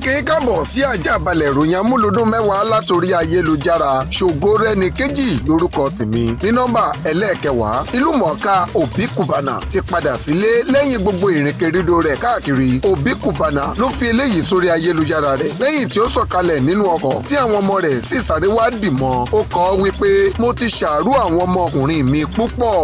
ókè káàbọ̀ sí àjàbalẹ̀ ìròyìn amúlùdún mẹ́wàá látòrí ayélujára ṣògo rẹni kejì lórúkọ tèmi ní nọ́mbà ẹlẹ́ẹ̀kẹwàá ìlú mọ̀ọ́ká òbí kùbànà ti padà sílé lẹ́yìn gbogbo ìrìnkèrìdò rẹ̀ káàkiri òbí kùbànà ló fi eléyìí sórí ayélujára rẹ̀ lẹ́yìn tí ó sọ̀kalẹ̀ nínú ọkọ̀ tí àwọn ọmọ rẹ̀ sì sáré wá ó kọ wípé mo ti ṣàárú àwọn ọmọkùnrin mi púpọ̀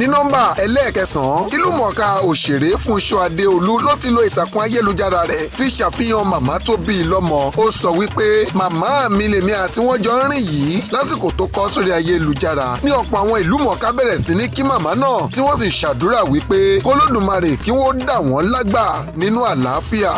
ní nọ́mbà ẹlẹ́ẹ̀kẹsàn-án ìlúmọ̀ọ́ká òṣèré Fúnṣọ́ Adéolú ló ti lo ìtàkùn ayélujára rẹ̀ fi ṣàfihàn màmá tó bí i lọ́mọ ó sọ wípé màmá mi lèmi àti wọ́n jọ ń rìn yìí lásìkò tó kọ sórí ayélujára ní ọ̀pọ̀ àwọn ìlúmọ̀ọ́ká bẹ̀rẹ̀ sí ní kí màmá náà tí wọ́n sì ṣàdúrà wípé kólódùmarè kí wọ́n dà wọ́n lágbà nínú àlàáfíà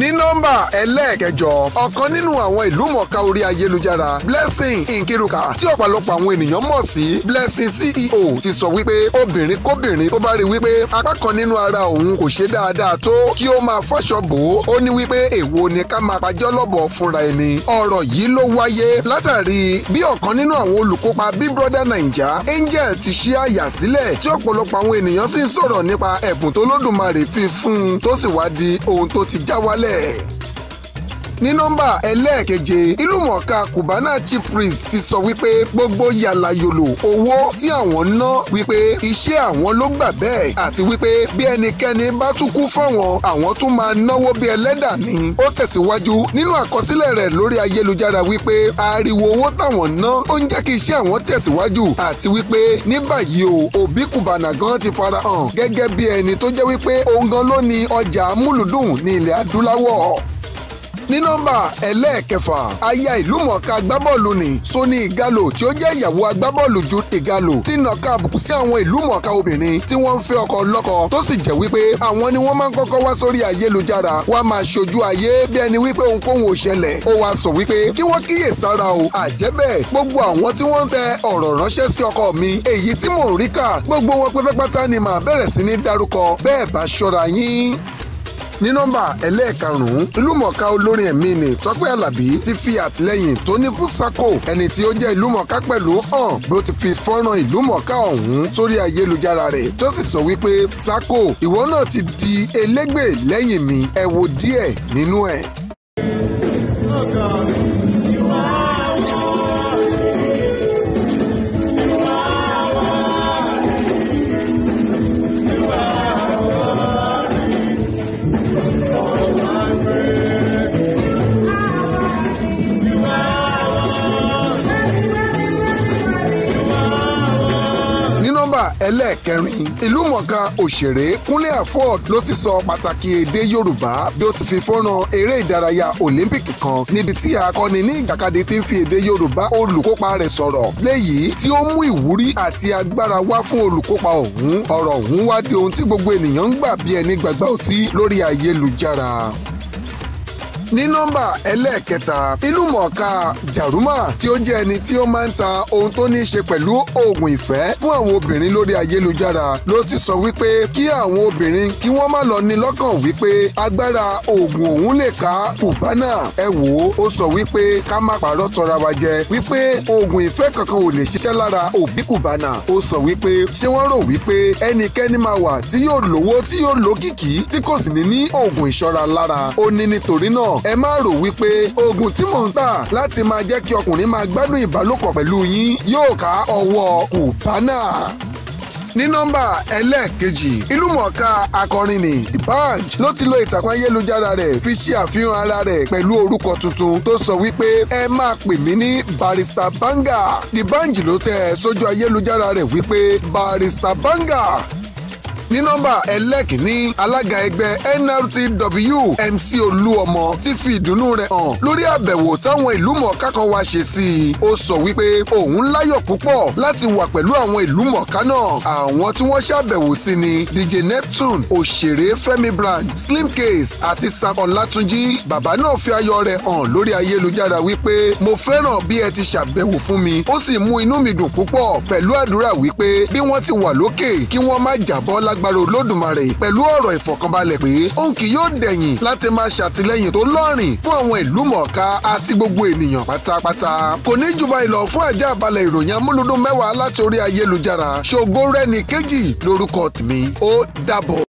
ní nọ́mbà ẹlẹ́ẹ̀kẹjọ ọ̀kan nínú àwọn ìlú mọ̀ọ́ká orí ayélujára Blessing Nkiruka tí ọ̀pọ̀lọpọ̀ àwọn ènìyàn mọ̀ sí Blessing CEO ti sọ wípé obìnrin kóbìnrin tó bá rí wípé apá kan nínú ara òun kò ṣe dáadáa tó kí ó máa fọṣọ bò ó ó ní wípé èwo ni ká máa pàjọ́ lọ́bọ̀ fúnra ẹni ọ̀rọ̀ yìí ló wáyé látàrí bí ọ̀kan nínú àwọn olùkópa Big Brother Naija Angel ti ṣí àyà sílẹ̀ tí ọ̀pọ̀lọpọ̀ àwọn ènìyàn sì ń sọ̀rọ̀ nípa ẹ̀bùn tó lódùmarè fi fún un tó sì wá di ohun tó ti já wálẹ̀ Chile. ní nọ́mbà ẹlẹ́ẹ̀keje ìlúmọ̀ọ́ká Cubana Chief Priest ti sọ wípé gbogbo yàlàyòlò owó tí àwọn ń ná wípé iṣẹ́ àwọn ló gbà bẹ́ẹ̀ àti wípé bí ẹnikẹ́ni bá tún kú fọ́wọn àwọn tún máa náwó bí ẹlẹ́dà ni ó tẹ̀síwájú nínú àkọsílẹ̀ rẹ̀ lórí ayélujára wípé ariwo owó táwọn ná ó ń jẹ́ kí iṣẹ́ àwọn tẹ̀síwájú àti wípé ní báyìí o òbí Cubana gan ti fara hàn gẹ́gẹ́ bí ẹni tó jẹ́ wípé òun gan ló ni ọjà múlùdùn ní ilẹ̀ adúláwọ̀ ní nọ́mbà ẹlẹ́ẹ̀kẹfà aya ìlúmọ̀ọ́ká agbábọ́ọ̀lù ni Soni Igalo tí ó jẹ́ ìyàwó agbábọ́ọ̀lù Jude Igalo tí nàka àbùkù sí àwọn ìlúmọ̀ọ́ká obìnrin tí wọ́n ń fẹ́ ọkọ lọ́kọ tó sì jẹ́ wípé àwọn ni wọ́n máa ń kọ́kọ́ wá sórí ayélujára wá máa ṣojú ayé bí ẹni wípé ohunkóhun ò ṣẹlẹ̀ ó wá sọ wípé kí wọ́n kíyèsára o àjẹ́bẹ̀ gbogbo àwọn tí wọ́n ń tẹ ọ̀rọ̀ ránṣẹ́ sí ọkọ mi èyí tí mò ń rí gbogbo wọn pẹ́fẹ́pátá ni màá bẹ̀rẹ̀ sí ní dárúkọ bẹ́ẹ̀ bá ṣọ́ra yín ní nọ́mbà ẹlẹ́ẹ̀karùn ìlúmọ̀ọ́ká olórin ẹ̀mí ni tọ́pẹ́ alábí ti fi àtìlẹ́yìn tó ní fún sako ẹni tí ó jẹ́ ìlúmọ̀ọ́ká pẹ̀lú hàn bí ó ti fi fọ́nrán ìlúmọ̀ọ́ká ọ̀hún sórí ayélujára rẹ̀ tó sì sọ wípé sako ìwọ náà ti di elégbè lẹ́yìn mi ẹ wo díẹ̀ nínú ẹ̀. ẹlẹ́ẹ̀kẹrin ìlúmọ̀ọ́ká òṣèré Kúnlé Afod ló ti sọ pàtàkì èdè Yorùbá bí ó ti fi fọ́nrán eré ìdárayá Olympic kan níbi tí akọni ní ìjàkadì ti ń fi èdè Yorùbá olùkópa rẹ̀ sọ̀rọ̀ léyìí tí ó mú ìwúrí àti agbára wá fún olùkópa ọ̀hún ọ̀rọ̀ ọ̀hún wá di ohun tí gbogbo ènìyàn ń gbà bí ẹni gbàgbá òtí lórí ayélujára ní nọ́mbà ẹlẹ́ẹ̀kẹta ìlúmọ̀ọ́ká Jaruma tí ó jẹ́ ẹni tí ó máa ń ta ohun tó ní í ṣe pẹ̀lú oògùn ìfẹ́ fún àwọn obìnrin lórí ayélujára ló ti sọ wípé kí àwọn obìnrin kí wọ́n má lọ ní lọ́kàn wípé agbára oògùn òun lè ká kùbánà ẹ wò ó ó sọ wípé ká má pàrọ̀ tọra wa jẹ wípé oògùn ìfẹ́ kankan ò lè ṣiṣẹ́ lára òbí kùbánà ó sọ wípé ṣé wọ́n rò wípé ẹnikẹ́ni máa wà tí yóò lówó tí yóò lókìkí tí kò sì ní ní oògùn ìṣọ́ra lára ó ní nítorí náà náà ẹ má rò wípé oògùn tí mò ń tà láti máa jẹ́ kí ọkùnrin máa gbádùn ìbálòpọ̀ pẹ̀lú yín yóò ká ọwọ́ kùbánà ní nọ́mbà ẹlẹ́ẹ̀kejì ìlúmọ̀ọ́ká akọrin ni D'banj ló ti lo ìtàkùn ayélujára rẹ̀ fi ṣe àfihàn ara rẹ̀ pẹ̀lú orúkọ tuntun tó sọ wípé ẹ máa pè mí ní Barrister Banga D'banj ló tẹ̀ sójú ayélujára rẹ̀ wípé barista Banga ní nọ́mbà ẹlẹ́kìnní alága ẹgbẹ́ NRTW MC Olúọmọ ti fi ìdùnnú rẹ̀ hàn lórí àbẹ̀wò táwọn ìlú mọ̀ọ́ká kan wá ṣe sí i ó sọ wípé òun láyọ̀ púpọ̀ láti wà pẹ̀lú àwọn ìlú mọ̀ọ́ká náà àwọn tí wọ́n ṣàbẹ̀wò sí ni DJ Neptune òṣèré Fẹ́mi Brand Slim Case àti Sam Ọlátúnjí bàbá náà fi ayọ̀ rẹ̀ hàn lórí ayélujára wípé mo fẹ́ràn bí ẹ ti ṣàbẹ̀wò fún mi ó sì mú inú mi dùn púpọ̀ pẹ̀lú àdúrà wípé bí wọ́n ti wà lókè kí wọ́n má jábọ́ lágb lágbára olódùmarè pẹ̀lú ọ̀rọ̀ ìfọ̀kànbalẹ̀ pé òun kì yóò dẹ̀yìn láti máa ṣàtìlẹ́yìn tó lọ́rìn fún àwọn ìlú mọ̀ọ́ká àti gbogbo ènìyàn pátápátá kò ní jù báyìí lọ fún ẹ̀já àbálẹ̀ ìròyìn amúlùdún mẹ́wàá láti orí ayélujára ṣògo rẹ́ni kejì lórúkọ tèmi ó dàbọ̀.